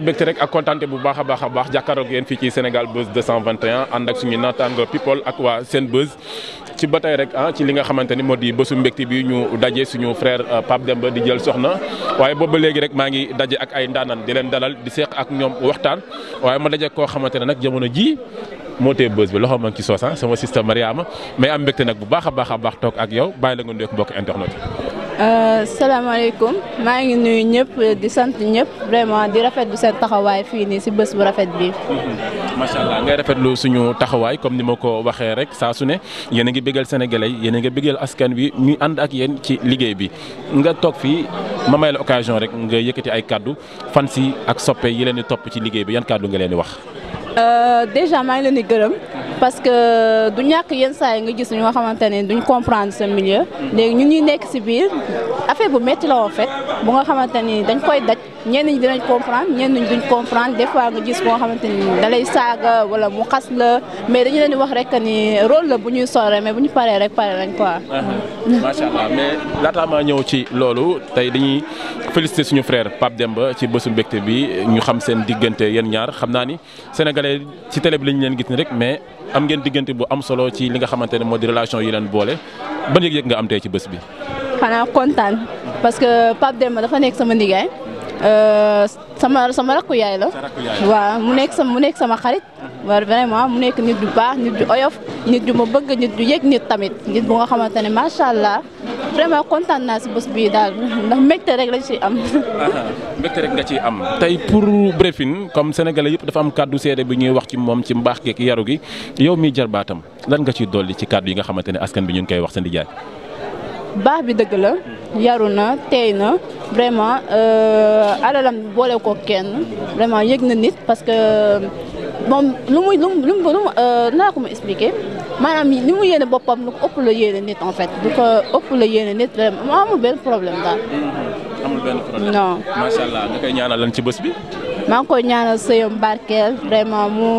mbégte rek ak kontaante bu baax a baax a baax jàkkaaroog yéen fii ci Sénégal Buzz 221 ànd ak suñu naataango people ak waa seen Buzz ci ba tey rek ah ci li nga xamante ni moo di bësu mbégte bi ñu daje suñu frère euh, Pape Demba di jël soxna waaye booba léegi rek maa ngi daje ak ay ndaanan di leen dalal di seeq ak ñoom waxtaan waaye ma daje koo xamante ne nag jamono ji moo tee bës bi loxo ma ngi ci soos ah, sama sista Mariama mais am mbégte nag bu baax a baax a baax toog ak yow bàyyi la nga nuyoo ak mbokk internet Euh, salaamaaleykum maa ngi nuyu ñëpp di sant ñëpp vraiment di rafetlu seen taxawaay fii nii si bés bu rafet bi. Mhm. macha allah ngay rafetlu suñu taxawaay comme ni ma ko waxee rek saa su ne yéen a ngi bégal sénégalais yéen a ngi bégal askan wi ñuy ànd ak yéen ci liggéey bi. nga toog fii ma may la occasion rek nga yëkkati ay kàddu fan si ak soppe yi leen topp ci liggéey bi yan kàddu nga leen di wax. Euh, déjà maa ngi leen di gërëm. parce que du ñàkk yenn saa yi nga gis ñoo xamante ne duñ comprendre ce milieu. léegi ñu ñuy nekk si biir affaire bu métti la en fait bu nga xamante ni dañ koy daj ñenn ñi dinañ comprendre ñenn ñi duñ comprendre des nga gis boo xamante ni dalay saaga wala mu xas la mais dañu leen di wax rek nii rôle la bu ñuy sore mais bu ñu paree rek pare lañ quoi. Uh-huh. macha allah mais ñëw ci loolu tey dañuy féliciter suñu frère Pape Demba ci bésu mbégte bi ñu xam seen diggante yéen ñaar xam naa ni sénégalais ci télé bi lañ leen gis ni rek mais. am ngeen diggante bu am solo ci li nga xamante ne moo di relation yi leen boole ban yëg-yëg nga am tey ci bés bi. xanaa kontaan parce que Pape ma dafa nekk sama ndigaay euh, sama sama rakku yaay la. waaw mu nekk sama mu nekk sama xarit. war vraiment mu nekk nit du baax nit du oyof nit du ma bëgg nit du yëg nit tamit nit bu nga xamante ne macha allah vraiment kontaan naa si bés bii daal ndax mbégte rek lañ ciy am. mbégte rek nga ciy am tey pour Brefine comme sénégalais yëpp dafa am kàddu seede bi ñuy wax ci moom ci mbaax geek yaru gi yow miy jarbaatam lan nga ciy dolli ci kàddu yi nga xamante ne askan bi ñu ngi koy wax seen di baax bi dëgg la yaru na teey na vraiment euh, alalam boole ko kenn vraiment yéeg na nit parce que moom lu muy lu mu lu mu euh, naa ko mu expliquer maanaam li mu yéene boppam lu ko ëpp la yéene nit en fait lu ko ëpp la yéene nit vraiment mu amul benn problème daal. Mm-hmm. amul benn non. macha allah nga koy ñaanal lan ci bés bi. maa ngi koy ñaanal sëyam barkeel vraiment mu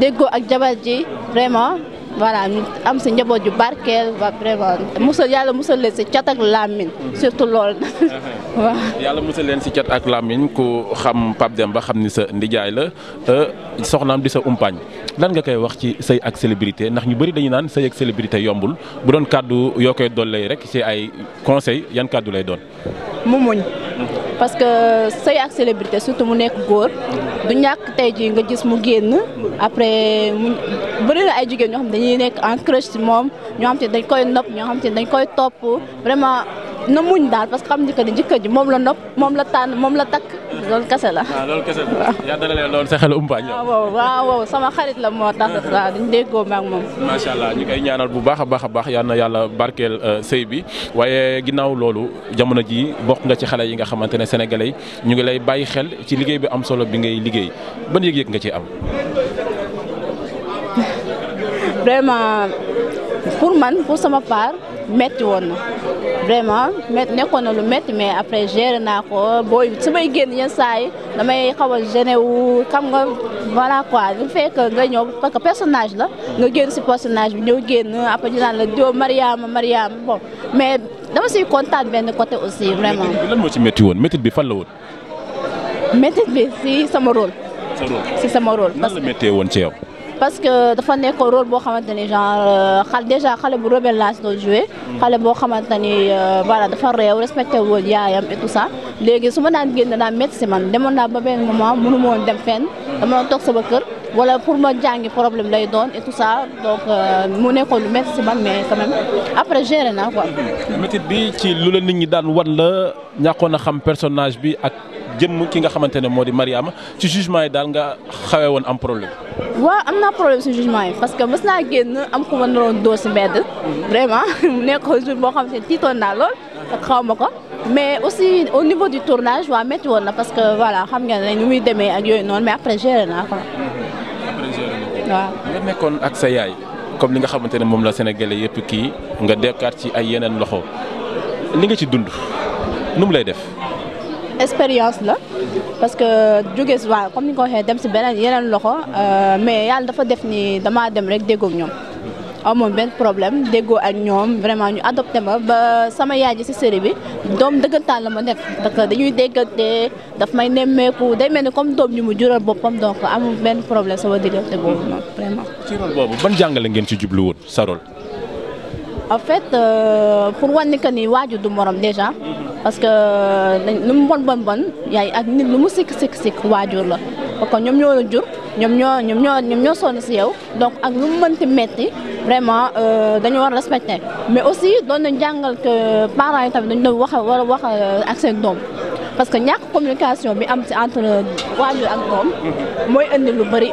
déggoo ak jabar ji vraiment. voilà am si njaboot yu barkeel ba vraiment yàlla musal leen si cat ak làmmiñ surtout lool yàlla musal leen si cat ak làmmiñ ku xam Pape Demba xam ni sa ndijaay la euh, soxnaam di sa umpaañ lan nga koy wax ci sëy ak célébrité ndax ñu bëri dañu naan sëy ak célébrité yombul bu doon kàddu yoo koy yi rek ci ay conseil yan kàddu lay doon. mu muñ. parce que sëy ak célébrité surtout mu nekk góor du ñàkk tey jii nga gis mu génn après mu bëri ay jigéen ñoo xam dañuy nekk en crush si moom ñoo xam te dañ koy nopp ñoo xam te dañ koy topp vraiment na muñ daal parce que xam njëkk ni jëkkër ji moom la nopp moom la tànn moom la takk loolu kese la. waaw ah, loolu kese la yaa dalalee sa xel umpaañ. waaw waaw sama xarit la moo tax waaw dañu déggoo ma moom. macha allah ñu koy ñaanal bu baax a baax a baax yal na yàlla barkeel euh, sëy bi waaye ginnaaw loolu jamono ji bokk nga ci xale yi nga xamante ne sénégalais ñu ngi lay bàyyi xel ci liggéey bi am solo bi ngay liggéey ban yëg-yëg nga ci am. pour man pour sama part. métti woon na vraiment métti nekkoon na lu métti mais après géré naa ko boo su génn yenn saa damay xaw a gêné wu xam nga voilà quoi bu nga ñëw parce que personnage la nga génn si personnage bi ñëw génn après ñu naan la diw Mariama Mariama bon mais dama siy kontaan benn côté aussi vraiment. lan moo ci métti woon métti bi fan la woon. métti bi si sama rôle. sa si sama rôle. parce que nan woon ci yow. parce que dafa nekk rôle boo xamante ni genre euh, xal déjà xale bu rebelle laa si doon joué. Mm. xale boo xamante ni euh, voilà dafa réew respecté woon yaayam et tout ça léegi su ma daan génn daan métti si man demoon naa ba benn moment mënu ma woon dem fenn dama doon toog sama kër wala pour ma jàngi problème lay doon e tout ça donc euh, mu nekkoon lu métti man mais quand même après géré naa quoi. métit bi ci lu la nit ñi daan wan la ñàkkoon a xam personnage bi ak. jëmm ki nga xamante ne moo di Mariama ci jugement yi daal nga xawee woon am problème. waaw am na problème si jugement yi parce que mës naa génn am ku ma naroon dóor si mbedd. vraiment mu nekk jour boo xam ne tiitoon naa lool. xaw ma ko mais aussi au niveau du tournage waa métti woon na parce que voilà xam nga ne ñu muy demee ak yooyu noonu mais après géré naa ko. après géré na nga nekkoon ak sa yaay comme li nga xamante ne moom la Sénégalais yëpp kii nga dekkaat ci ay yeneen loxo li nga ci dund def. expérience la parce que jóge si waaw comme ni nga ko waxee dem si beneen yeneen loxo euh, mais yàlla dafa def nii damaa dem rek déggoog ñoom amoon benn problème déggoo ak ñoom vraiment ñu adopté ma ba sama yaay ji si série bi doom dëggantaan la ma nekk parce dañuy déggante daf may nemmeeku day mel ni comme doom ñu mu jural boppam donc amul benn problème sama diggante boobu noonu vraiment. ci boobu ban jàngale ngeen ci jublu woon en fait euh, pour wan ni que ni waajur du morom déjà parce que euh, lu mu bon bon bon yaay ak nit lu mu sikk sikk sikk waajur la parce que ñoom ñoo la jur ñoom ñoo ñoom ñoo ñoom ñoo sonn si yow donc ak lu mu mënti metti vraiment euh, dañoo war a respecter mais aussi doon nañ jàngal parent parents yi tamit dañu doon wax war a wax ak seen doom. parce que ñàkk communication bi am ci entre waajur ak doom mooy indi lu bëri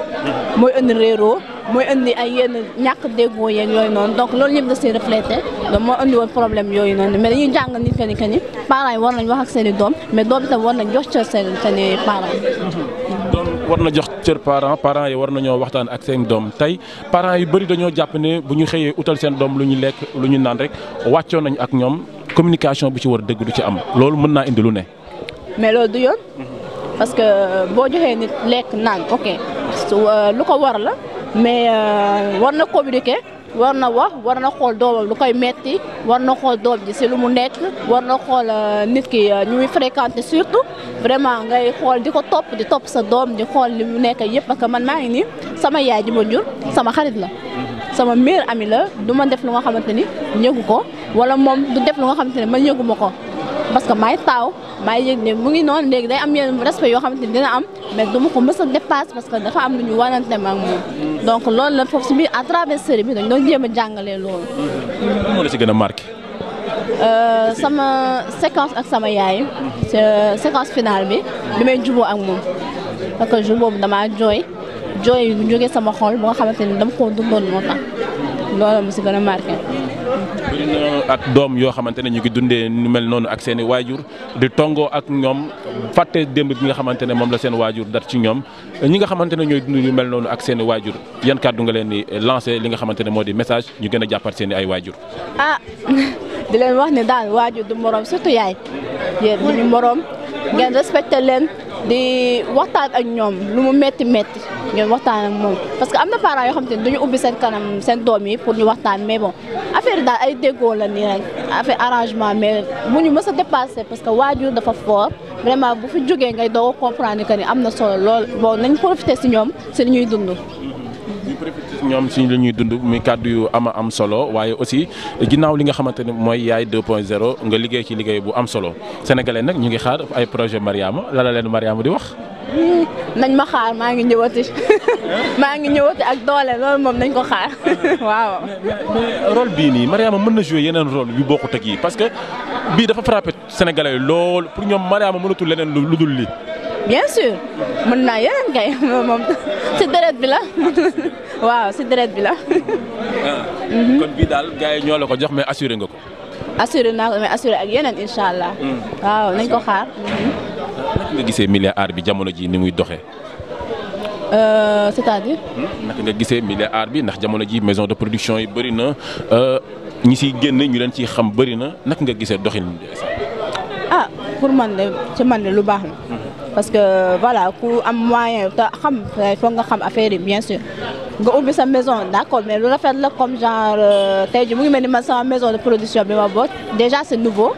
mooy indi réeroo mooy indi ay yenn ñàkk déggoo yeeg yooyu noonu donc loolu ñëpp da siy reflété donc moo indi woon problème yooyu noonu mais dañuy jàngal nit que ni que ni parents yi war nañ wax ak seen doom mais doom war nañ jox cër seen seen i na jox cër parents parents yi war nañoo waxtaan ak seen doom tey parent yu bëri dañoo jàpp ne bu ñu xëyee utal seen doom lu ñu lekk lu ñu naan rek wàccoon nañ ak ñoom communication bi ci war dëgg du ci am loolu mën naa indi lu mais loolu du yoon. parce que euh, boo joxee nit lekk naan ok euh, lu ko war la mais euh, war na communiquer war na wax war na xool doomam lu koy metti war na xool doom ji si lu mu nekk war na xool nit ki ñu muy fréquenté surtout vraiment ngay xool di ko topp di topp sa doom di xool li mu nekk yëpp parce que man maa ngi nii sama yaay ji ma jur sama xarit la. sama meilleure ami la du ma def lu nga xamante ni ñëgu ko wala moom du def lu nga xamante ni man ñëgu ko. parce que may taaw maay yëg ne mu ngi noonu léegi day am yenn respect yoo xamante ni dina am mais du ma ko mës a dépasse parce que dafa am lu ñu wanante ma ak moom donc loolu la foofu si biir à travers série bi dañ doon jéem a jàngalee loolu. moo la ci gën euh, sama séquence ak sama yaay. Euh, séquence finale bi. bi may juboo ak moom. parce que jour boobu damaa jooy jooy bu jógee sama xol ba nga xamante ni dama koo dundoon moo tax loolu mu si gën a marqué. bëri na ak doom yoo xamante ne ñu ngi dundee nu mel noonu ak seen i waajur di tongoo ak ñoom fàtte démb bi nga xamante ne moom la seen waajur dat ci ñoom ñi nga xamante ne ñooy dund ñu mel noonu ak seen i waajur yan kàddu nga leen di lancé li nga xamante ne moo di message ñu gën a jàppat seen i ay waajur. ah di leen wax ne daal waajur du morom surtout yaay yéen du ñu morom ngeen respecté leen. di waxtaan ak ñoom lu mu metti metti ngeen waxtaan ak moom parce que am na parents yoo xam te ne duñu ubbi seen kanam seen doom yi pour ñu waxtaan mais bon affaire daal ay déggoo la nii rek affaire arrangement mais bu ñu mës a dépassé parce que waajur dafa fort vraiment bu fi jógee ngay doog a comprendre que ni am na solo lool bon nañ fite si ñoom si li ñuy dund. ñoom si li ñuy dund muy kàddu yu am am solo waaye aussi ginnaaw li nga xamante ne mooy yaay 2.0 nga liggéey ci liggéey bu am solo sénégalais nag ñu ngi xaar ay projet Mariama la la leen Mariama di wax. nañ ma xaar maa ngi ñëwati maa ngi ñëwati ak doole loolu moom nañ ko xaar waaw. mais rôle bii nii Mariama mën na jouer yeneen rôle yu bokkut ak yi parce que bii dafa frappé sénégalais lool pour ñoom Mariama mënatul leneen lu dul lii. bien sûr mën naa yeneen kay moom si deret bi la waaw si deret bi la. Ah. Mhm. kon bii daal gars yi ñoo la ko jox mais assuré nga ko. assuré naa ko mais assuré ak yeneen incha allah. Mm. waaw nañ ko xaar. naka nga gisee milliard bi jamono ji ni muy doxee. Euh, c'est-à-dire. Hmm? gisee milliard bi ndax jamono ji maison de production yi bëri na euh, ñi siy génn ñu leen ci xam bëri na naka nga gisee doxin. ah pour man de ci man de lu baax la. parce que voilà ku am moyen te xam foog nga xam affaire yi bien sûr nga ubbi sa maison d'accord mais lu rafet la comme genre euh, tey jii mu ngi mel ni man sa maison de production bi ma boot déjà c'est nouveau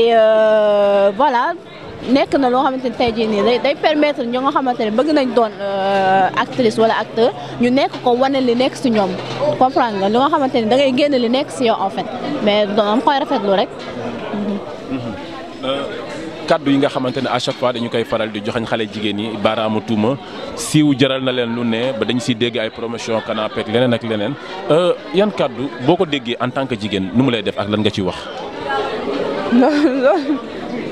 et euh, voilà nekk na loo xamante ni tey jii nii day permettre ñu nga xamante ne bëgg nañ doon euh, actrice wala acteur ñu nekk ko wane li nekk si ñoom comprendre nga nga xamante ni da ngay génn li nekk si yow en fait mais doon am koy rafetlu rek. kaddu yi nga xamante ne à chaque fois dañu koy faral di joxañ xale jigéen yi baaraamu tuuma siiw jaral na leen lu ne ba dañu si dégg ay promotion canapé ak leneen ak leneen euh, yan kaddu boo ko déggee en tant que jigéen nu mu lay def ak lan nga ciy wax.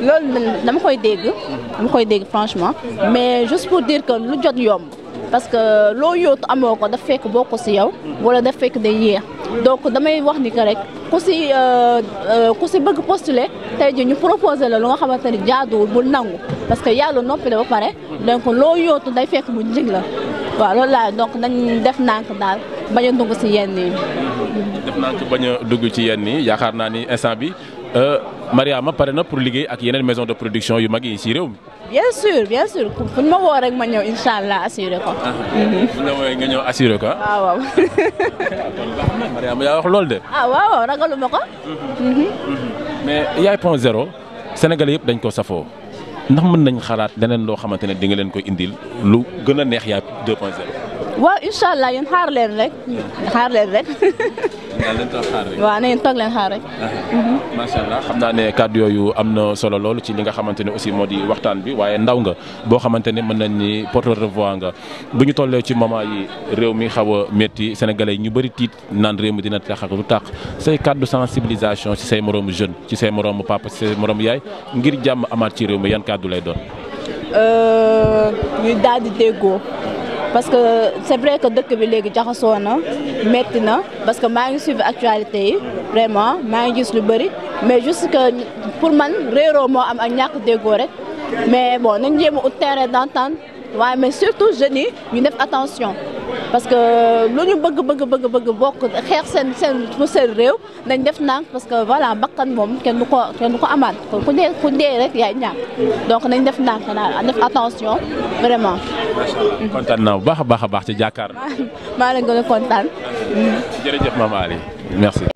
loolu dama koy dégg dama koy dégg franchement mais juste pour dire que lu jot yomb parce que loo yóotu amoo ko daf fekk boo ko si yow walla daf fekk day yéex. donc damay wax ni que rek ku si euh, euh, ku si bëgg postuler tey ji ñu proposé la lu nga xamante ni jaaduwul bu nangu parce que yàlla noppi la ba pare donc loo yootu day fekk mu njëg la waaw loolu laa donc nañ def nànk daal bañ a dugg si yenn yi. def nànk bañ dugg ci yenn yi yaakaar naa ni instant bi. Euh, Mariama pare na pour liggéey ak yeneen maison de production yu mag yi ci réew mi. bien sûr bien sûr fu ñu ma woo rek ma ñëw incha allah assuré ko. Ah, bu ñu wooyee nga ñëw assuré ko ah? Ah, waaw waaw. Mariama yaa wax loolu de. ah waaw ragalu ma ko. Mhm. Mhm. Mhm. mais yaay point zéro Sénégalais yëpp dañ ko safoo ndax mën nañ xalaat leneen loo xamante ne di nga leen ko indil lu gën a neex yaay 2.0. waaw incha allah yéen xaar leen rek xaar leen rek. waaw na ngeen toog leen xaar rek. macha allah xam naa ne kàddu yooyu am na solo loolu ci li nga xamante ne aussi moo di waxtaan bi waaye ndaw nga boo xamante ne mën nañ ni porte-voix nga bu ñu tollee ci moment yi réew mi xaw a métti sénégalais yi ñu bëri tiit naan réew mi dina taxa ko lu tax say kàddu sensibilisation ci say moroomu jeune ci say moroomu papa ci say moroomu yaay ngir jàmm amaat ci réew mi yan kàddu lay doon. Euh, parce que c'est vrai que dëkk bi léegi jaxasoo na metti na parce que maa ngi suivre actualité yi vraiment maa ngi gis lu bëri mais juste que pour man réeroo moo am ak ñàkk déggoo rek mais bon nañ jéem a ut terrain d'entente waaye mais surtout jeunes yi ñu def attention parce que lu ñu bëgg bëgg bëgg bëgg bokk xeex seen seen seen réew nañ def ndànk parce que voilà bakkan moom kenn du ko kenn du ko amaat kon ku dee ku dee rek yaay ñàkk donc nañ def ndànk daal def attention vraiment. kontaan naa bu baax a baax a baax ci jàkkaarloo. maa leen gën a kontaan. jërëjëf Mame Aly merci.